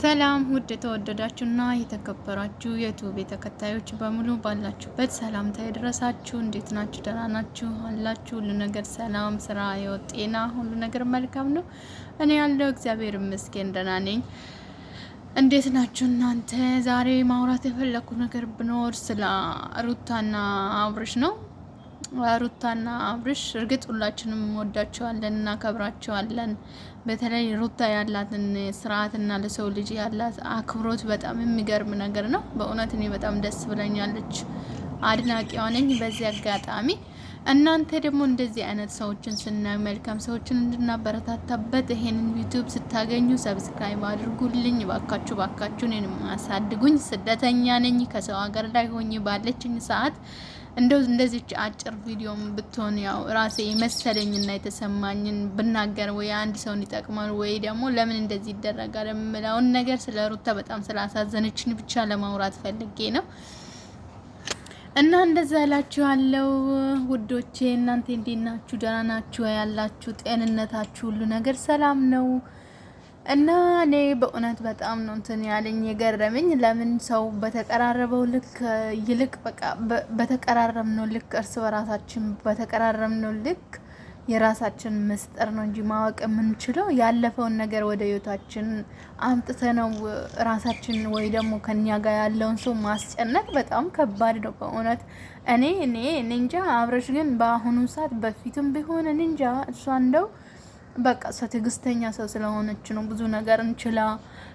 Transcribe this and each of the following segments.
ሰላም ውድ የተወደዳችሁና የተከበራችሁ የዩቲዩብ ተከታዮች በሙሉ ባላችሁበት ሰላምታ የደረሳችሁ፣ እንዴት ናችሁ? ደህና ናችሁ አላችሁ? ሁሉ ነገር ሰላም፣ ስራ፣ ህይወት፣ ጤና፣ ሁሉ ነገር መልካም ነው። እኔ ያለው እግዚአብሔር ይመስገን ደህና ነኝ። እንዴት ናችሁ እናንተ? ዛሬ ማውራት የፈለግኩ ነገር ብኖር ስለ ሩታና አብርሽ ነው። ሩታና አብርሽ እርግጥ ሁላችንም እንወዳቸዋለን እናከብራቸዋለን። በተለይ ሩታ ያላትን ስርዓትና ለሰው ልጅ ያላት አክብሮት በጣም የሚገርም ነገር ነው። በእውነት እኔ በጣም ደስ ብለኛለች፣ አድናቂዋ ነኝ። በዚህ አጋጣሚ እናንተ ደግሞ እንደዚህ አይነት ሰዎችን ስናዩ መልካም ሰዎችን እንድናበረታታበት ይሄንን ዩቱብ ስታገኙ ሰብስክራይብ አድርጉልኝ። ባካችሁ ባካችሁ እኔንም አሳድጉኝ። ስደተኛ ነኝ ከሰው ሀገር ላይ ሆኜ ባለችኝ ሰዓት እንደው እንደዚች አጭር ቪዲዮም ብትሆን ያው ራሴ የመሰለኝና የተሰማኝን ብናገር ወይ አንድ ሰውን ይጠቅማል ወይ ደግሞ ለምን እንደዚህ ይደረጋል የምለውን ነገር ስለ ሩታ በጣም ስላሳዘነችን ብቻ ለማውራት ፈልጌ ነው። እና እንደዛ እላችኋለሁ ውዶቼ። እናንተ እንዴት ናችሁ? ደህና ናችሁ ያላችሁ ጤንነታችሁ፣ ሁሉ ነገር ሰላም ነው? እና እኔ በእውነት በጣም ነው እንትን ያለኝ የገረመኝ፣ ለምን ሰው በተቀራረበው ልክ ይልቅ በቃ በተቀራረብነው ልክ እርስ በራሳችን በተቀራረብነው ልክ የራሳችን ምስጢር ነው እንጂ ማወቅ የምንችለው ያለፈውን ነገር ወደ ህይወታችን አምጥተ ነው ራሳችን ወይ ደግሞ ከኛ ጋር ያለውን ሰው ማስጨነቅ በጣም ከባድ ነው በእውነት። እኔ እኔ እንጃ አብረሽ ግን በአሁኑ ሰዓት በፊትም ቢሆን እንጃ እሷ እንደው በቃ እሷ ትዕግስተኛ ሰው ስለሆነች ነው ብዙ ነገር እንችላ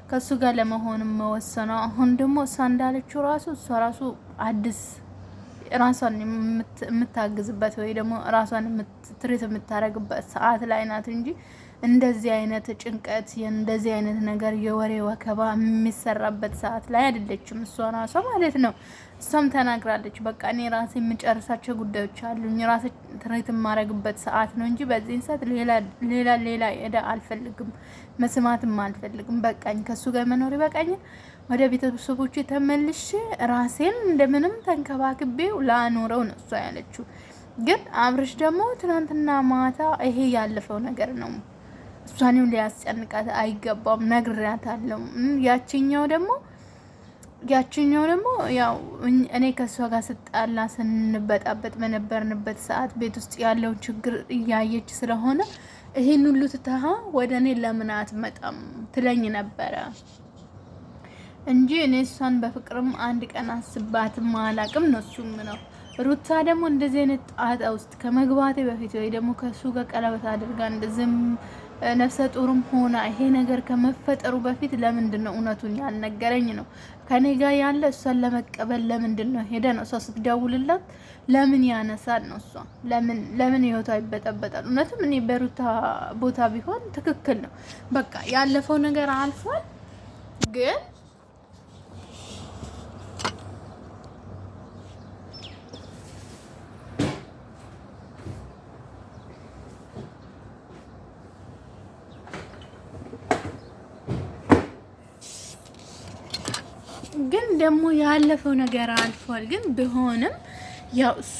ከእሱ ጋር ለመሆን መወሰኗ። አሁን ደግሞ እሷ እንዳለችው ራሱ እሷ ራሱ አዲስ ራሷን የምታግዝበት ወይ ደግሞ ራሷን ትሪት የምታደርግበት ሰዓት ላይ ናት እንጂ እንደዚህ አይነት ጭንቀት፣ እንደዚህ አይነት ነገር የወሬ ወከባ የሚሰራበት ሰዓት ላይ አይደለችም እሷ ራሷ ማለት ነው። እሷም ተናግራለች። በቃ እኔ ራሴ የምጨርሳቸው ጉዳዮች አሉኝ ራሴ ትሬት የማረግበት ሰዓት ነው እንጂ በዚህን ሰዓት ሌላ ሌላ እዳ አልፈልግም፣ መስማትም አልፈልግም። በቃኝ፣ ከእሱ ጋር መኖር በቃኝ። ወደ ቤተሰቦቹ ተመልሼ ራሴን እንደምንም ተንከባክቤ ላኖረው ነው እሷ ያለችው። ግን አብርሽ ደግሞ ትናንትና ማታ ይሄ ያለፈው ነገር ነው እሷንም ሊያስጨንቃት አይገባም፣ ነግሬያታለሁ። ያችኛው ደግሞ ያችኛው ደግሞ ያው እኔ ከእሷ ጋር ስጣላ ስንበጣበጥ በነበርንበት ሰዓት ቤት ውስጥ ያለውን ችግር እያየች ስለሆነ ይህን ሁሉ ትተሃ ወደ እኔ ለምን አትመጣም ትለኝ ነበረ እንጂ እኔ እሷን በፍቅርም አንድ ቀን አስባትም አላቅም። ነው እሱም ነው ሩታ ደግሞ እንደዚህ አይነት ጣጣ ውስጥ ከመግባቴ በፊት ወይ ደግሞ ከእሱ ጋር ቀለበት አድርጋ እንደዚህም ነፍሰ ጡርም ሆና ይሄ ነገር ከመፈጠሩ በፊት ለምንድን ነው እውነቱን ያልነገረኝ? ነው ከኔ ጋር ያለ እሷን ለመቀበል ለምንድን ነው ሄደ? ነው እሷ ስትደውልላት ለምን ያነሳል? ነው እሷ ለምን ለምን ህይወቷ ይበጠበጣል? እውነትም እኔ በሩታ ቦታ ቢሆን ትክክል ነው። በቃ ያለፈው ነገር አልፏል ግን ግን ደግሞ ያለፈው ነገር አልፏል። ግን ቢሆንም ያው እሱ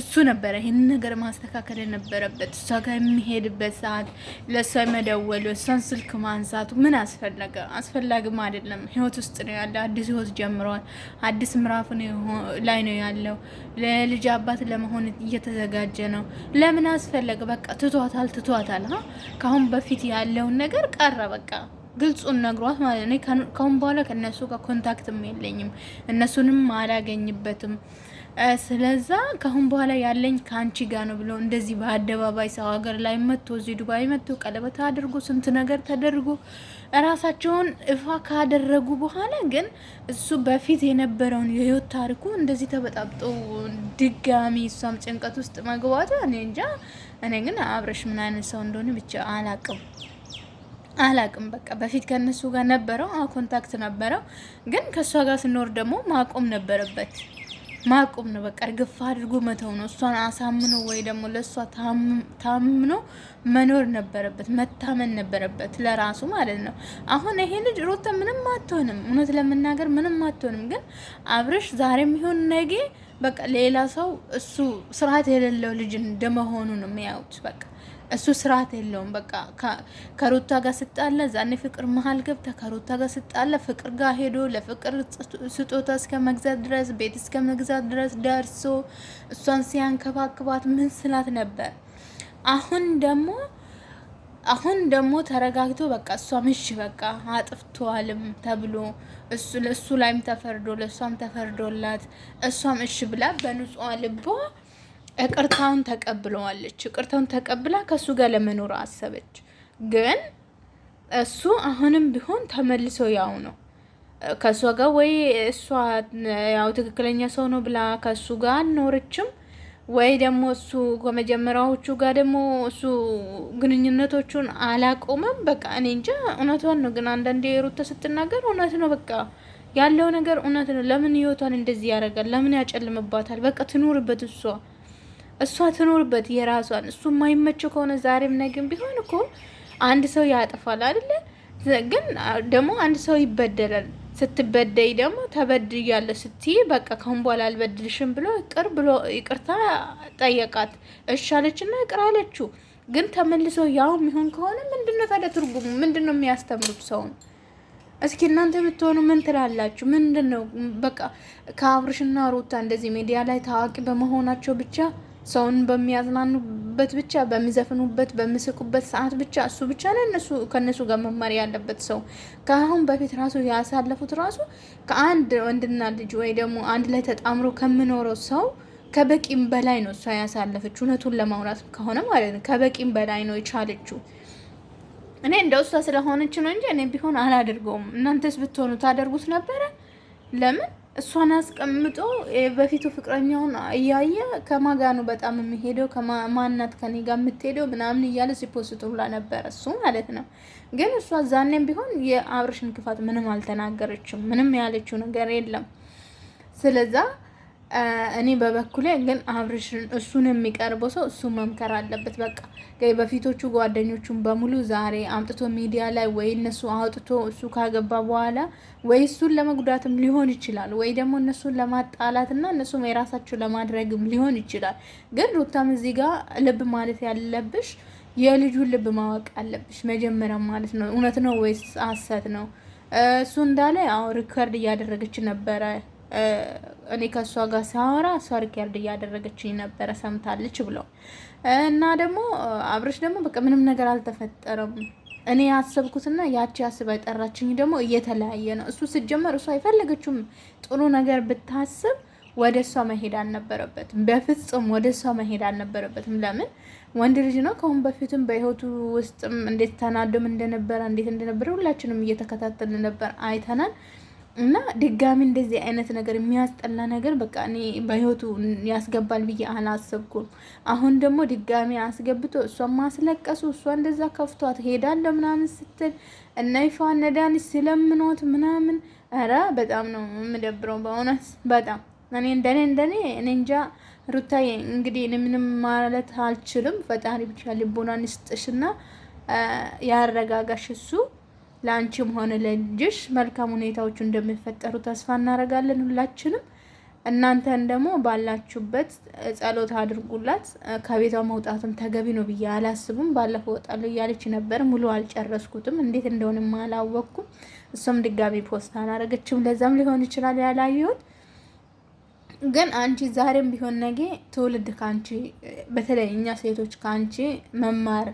እሱ ነበረ ይህን ነገር ማስተካከል የነበረበት። እሷ ጋር የሚሄድበት ሰዓት ለእሷ መደወሉ፣ እሷን ስልክ ማንሳቱ ምን አስፈለገ? አስፈላጊም አይደለም። ህይወት ውስጥ ነው ያለ። አዲስ ህይወት ጀምሯል። አዲስ ምዕራፍ ላይ ነው ያለው። ለልጅ አባት ለመሆን እየተዘጋጀ ነው። ለምን አስፈለገ? በቃ ትቷታል፣ ትቷታል። ከአሁን በፊት ያለውን ነገር ቀረ በቃ ግልጹን ነግሯት ማለት ነው። ካሁን በኋላ ከእነሱ ጋር ኮንታክትም የለኝም እነሱንም አላገኝበትም። ስለዛ ካሁን በኋላ ያለኝ ከአንቺ ጋር ነው ብሎ እንደዚህ በአደባባይ ሰው ሀገር ላይ መጥቶ እዚህ ዱባይ መጥቶ ቀለበት አድርጎ ስንት ነገር ተደርጎ እራሳቸውን እፋ ካደረጉ በኋላ ግን እሱ በፊት የነበረውን የህይወት ታሪኩ እንደዚህ ተበጣብጦ ድጋሚ እሷም ጭንቀት ውስጥ መግባቷ እኔ እንጃ። እኔ ግን አብረሽ ምን አይነት ሰው እንደሆነ ብቻ አላቅም። አላቅም በቃ በፊት ከእነሱ ጋር ነበረው ኮንታክት ነበረው፣ ግን ከእሷ ጋር ስኖር ደግሞ ማቆም ነበረበት። ማቆም ነው በቃ እርግፋ አድርጎ መተው ነው። እሷን አሳምኖ ወይ ደግሞ ለእሷ ታምኖ መኖር ነበረበት፣ መታመን ነበረበት ለራሱ ማለት ነው። አሁን ይሄ ልጅ ሩታ ምንም አትሆንም፣ እውነት ለመናገር ምንም አትሆንም። ግን አብርሽ ዛሬም ይሁን ነገ በቃ ሌላ ሰው እሱ ስርዓት የሌለው ልጅ እንደመሆኑ ነው የሚያዩት በቃ እሱ ስርዓት የለውም። በቃ ከሩታ ጋር ስጣለ ዛኔ ፍቅር መሀል ገብታ ከሩታ ጋር ስጣለ ፍቅር ጋር ሄዶ ለፍቅር ስጦታ እስከ መግዛት ድረስ ቤት እስከ መግዛት ድረስ ደርሶ እሷን ሲያንከባክባት ምን ስላት ነበር። አሁን ደግሞ አሁን ደግሞ ተረጋግቶ በቃ እሷም ምሽ በቃ አጥፍተዋልም ተብሎ እሱ ላይም ተፈርዶ ለእሷም ተፈርዶላት እሷም እሽ ብላ በንጹህ ልቦ እቅርታውን ተቀብለዋለች። እቅርታውን ተቀብላ ከእሱ ጋር ለመኖር አሰበች። ግን እሱ አሁንም ቢሆን ተመልሶ ያው ነው ከእሷ ጋር ወይ እሷ ያው ትክክለኛ ሰው ነው ብላ ከእሱ ጋር አልኖረችም፣ ወይ ደግሞ እሱ ከመጀመሪያዎቹ ጋር ደግሞ እሱ ግንኙነቶቹን አላቆመም። በቃ እኔ እንጃ። እውነቷን ነው ግን አንዳንዴ የሩታ ስትናገር እውነት ነው በቃ ያለው ነገር እውነት ነው። ለምን ህይወቷን እንደዚህ ያደርጋል? ለምን ያጨልምባታል? በቃ ትኑርበት እሷ እሷ ትኖርበት የራሷን። እሱ የማይመቸው ከሆነ ዛሬም ነግን ቢሆን እኮ አንድ ሰው ያጠፋል አይደለ? ግን ደግሞ አንድ ሰው ይበደላል። ስትበደይ ደግሞ እያለ ስት በቃ ከሁን በኋላ አልበድልሽም ብሎ ይቅር ብሎ ይቅርታ ጠየቃት። እሺ አለችና ይቅር አለችው። ግን ተመልሶ ያው የሚሆን ከሆነ ምንድነው ታዲያ ትርጉሙ? ምንድነው የሚያስተምሩት ሰውን? እስኪ እናንተ የምትሆኑ ምን ትላላችሁ? ምንድን ነው በቃ ከአብርሽና ሩታ እንደዚህ ሚዲያ ላይ ታዋቂ በመሆናቸው ብቻ ሰውን በሚያዝናኑበት ብቻ በሚዘፍኑበት በሚስቁበት ሰዓት ብቻ እሱ ብቻ ነው እነሱ ከእነሱ ጋር መማር ያለበት ሰው ከአሁን በፊት ራሱ ያሳለፉት ራሱ ከአንድ ወንድና ልጅ ወይ ደግሞ አንድ ላይ ተጣምሮ ከምኖረው ሰው ከበቂም በላይ ነው እሷ ያሳለፈችው። እውነቱን ለማውራት ከሆነ ማለት ነው ከበቂም በላይ ነው የቻለችው። እኔ እንደ እሷ ስለሆነች ነው እንጂ እኔ ቢሆን አላደርገውም። እናንተስ ብትሆኑ ታደርጉት ነበረ? ለምን እሷን አስቀምጦ በፊቱ ፍቅረኛውን እያየ ከማጋኑ በጣም የሚሄደው ከማናት ከኔ ጋር የምትሄደው ምናምን እያለ ሲፖስቱ ሁላ ነበረ እሱ ማለት ነው። ግን እሷ ዛኔም ቢሆን የአብርሽን ክፋት ምንም አልተናገረችም። ምንም ያለችው ነገር የለም ስለዛ እኔ በበኩሌ ግን አብርሽን እሱን የሚቀርበው ሰው እሱ መምከር አለበት። በቃ በፊቶቹ ጓደኞቹን በሙሉ ዛሬ አምጥቶ ሚዲያ ላይ ወይ እነሱ አውጥቶ እሱ ካገባ በኋላ ወይ እሱን ለመጉዳትም ሊሆን ይችላል፣ ወይ ደግሞ እነሱን ለማጣላትና እነሱም የራሳቸው ለማድረግም ሊሆን ይችላል። ግን ሩታም እዚህ ጋር ልብ ማለት ያለብሽ የልጁን ልብ ማወቅ አለብሽ መጀመሪያ ማለት ነው። እውነት ነው ወይስ አሰት ነው? እሱ እንዳለ ሪከርድ እያደረገች ነበረ እኔ ከእሷ ጋር ሳወራ እሷ ሪከርድ እያደረገችኝ ነበረ ሰምታለች ብለው እና ደግሞ አብረሽ ደግሞ በቃ ምንም ነገር አልተፈጠረም። እኔ ያሰብኩትና ያቺ ያስብ አይጠራችኝ ደግሞ እየተለያየ ነው። እሱ ስጀመር እሷ አይፈልገችም ጥሩ ነገር ብታስብ ወደ እሷ መሄድ አልነበረበትም። በፍጹም ወደ እሷ መሄድ አልነበረበትም። ለምን ወንድ ልጅ ነው። ከአሁን በፊትም በህይወቱ ውስጥም እንዴት ተናዶም እንደነበረ እንዴት እንደነበረ ሁላችንም እየተከታተልን ነበር፣ አይተናል። እና ድጋሚ እንደዚህ አይነት ነገር የሚያስጠላ ነገር በቃ እኔ በህይወቱ ያስገባል ብዬ አላሰብኩም። አሁን ደግሞ ድጋሚ አስገብቶ እሷ ማስለቀሱ እሷ እንደዛ ከፍቷት ሄዳለ ምናምን ስትል እና ይፋ ነዳን ስለምኖት ምናምን ኧረ በጣም ነው የምደብረው በእውነት በጣም እኔ እንደኔ እንደኔ እኔ እንጃ ሩታዬ፣ እንግዲህ ምንም ማለት አልችልም። ፈጣሪ ብቻ ልቦናን ይስጥሽና ያረጋጋሽ እሱ ለአንቺም ሆነ ለልጅሽ መልካም ሁኔታዎቹ እንደሚፈጠሩ ተስፋ እናደርጋለን ሁላችንም። እናንተን ደግሞ ባላችሁበት ጸሎት አድርጉላት። ከቤቷ መውጣትም ተገቢ ነው ብዬ አላስብም። ባለፈው ወጣለሁ እያለች ነበር። ሙሉ አልጨረስኩትም፣ እንዴት እንደሆነም አላወቅኩም። እሷም ድጋሚ ፖስት አላረገችም። ለዛም ሊሆን ይችላል ያላየሁት። ግን አንቺ ዛሬም ቢሆን ነገ ትውልድ ከአንቺ በተለይ እኛ ሴቶች ከአንቺ መማር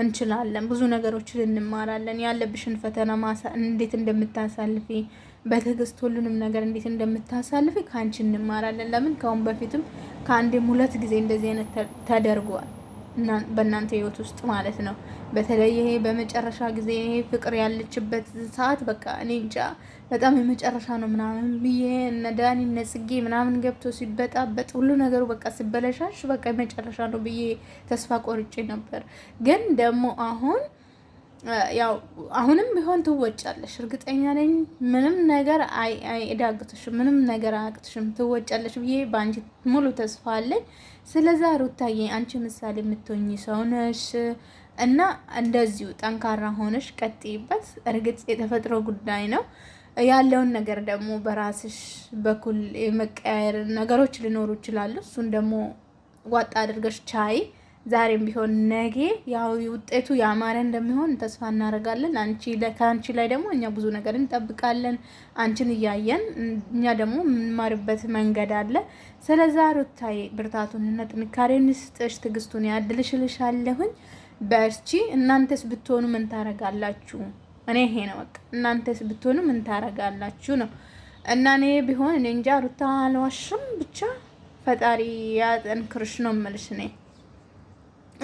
እንችላለን። ብዙ ነገሮችን እንማራለን። ያለብሽን ፈተና እንዴት እንደምታሳልፊ በትዕግስት ሁሉንም ነገር እንዴት እንደምታሳልፊ ከአንቺ እንማራለን። ለምን ከአሁን በፊትም ከአንድም ሁለት ጊዜ እንደዚህ አይነት ተደርጓል በእናንተ ህይወት ውስጥ ማለት ነው። በተለይ ይሄ በመጨረሻ ጊዜ ይሄ ፍቅር ያለችበት ሰዓት በቃ እኔ እንጃ በጣም የመጨረሻ ነው ምናምን ብዬ እነ ዳኒ እነ ጽጌ ምናምን ገብቶ ሲበጣበጥ ሁሉ ነገሩ በቃ ሲበለሻሽ በቃ የመጨረሻ ነው ብዬ ተስፋ ቆርጬ ነበር። ግን ደግሞ አሁን ያው አሁንም ቢሆን ትወጫለሽ፣ እርግጠኛ ነኝ። ምንም ነገር አይዳግትሽም፣ ምንም ነገር አያቅትሽም። ትወጫለሽ ብዬ በአንቺ ሙሉ ተስፋ አለኝ። ስለዛ ሩታዬ አንቺ ምሳሌ የምትሆኝ ሰው ነሽ። እና እንደዚሁ ጠንካራ ሆነሽ ቀጥይበት። እርግጥ የተፈጥሮ ጉዳይ ነው። ያለውን ነገር ደግሞ በራስሽ በኩል የመቀያየር ነገሮች ሊኖሩ ይችላሉ። እሱን ደግሞ ዋጣ አድርገሽ ቻይ። ዛሬም ቢሆን ነገ ያው ውጤቱ ያማረ እንደሚሆን ተስፋ እናደርጋለን። አንቺ ከአንቺ ላይ ደግሞ እኛ ብዙ ነገር እንጠብቃለን። አንቺን እያየን እኛ ደግሞ የምንማርበት መንገድ አለ። ስለዛ ሩታዬ ብርታቱንና ጥንካሬን ስጥሽ፣ ትግስቱን ያድልሽልሻለሁኝ። በርቺ። እናንተስ ብትሆኑ ምን ታረጋላችሁ? እኔ ይሄ ነው በቃ። እናንተስ ብትሆኑ ምን ታረጋላችሁ ነው እና እኔ ቢሆን እኔ እንጃ ሩታ አልዋሽም። ብቻ ፈጣሪ ያጠንክርሽ ነው የምልሽ እኔ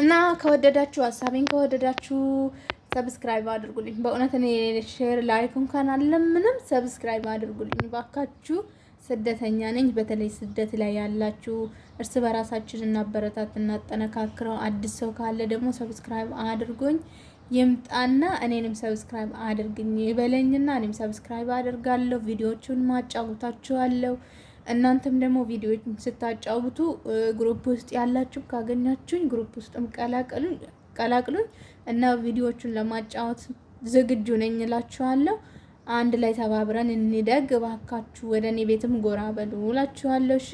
እና ከወደዳችሁ ሀሳቤን ከወደዳችሁ ሰብስክራይብ አድርጉልኝ። በእውነት እኔ ሼር ላይክ እንኳን አለ ምንም ሰብስክራይብ አድርጉልኝ ባካችሁ። ስደተኛ ነኝ። በተለይ ስደት ላይ ያላችሁ እርስ በራሳችን እናበረታት እናጠነካክረው። አዲስ ሰው ካለ ደግሞ ሰብስክራይብ አድርጎኝ ይምጣና እኔንም ሰብስክራይብ አድርግኝ ይበለኝና እኔም ሰብስክራይብ አድርጋለሁ። ቪዲዮቹን ማጫውታችኋለሁ። እናንተም ደግሞ ቪዲዮችን ስታጫውቱ ግሩፕ ውስጥ ያላችሁ ካገኛችሁኝ ግሩፕ ውስጥም ቀላቅሉኝ እና ቪዲዮቹን ለማጫወት ዝግጁ ነኝ እላችኋለሁ። አንድ ላይ ተባብረን እንደግ። እባካችሁ ወደ እኔ ቤትም ጎራ በሉ እላችኋለሁ። እሺ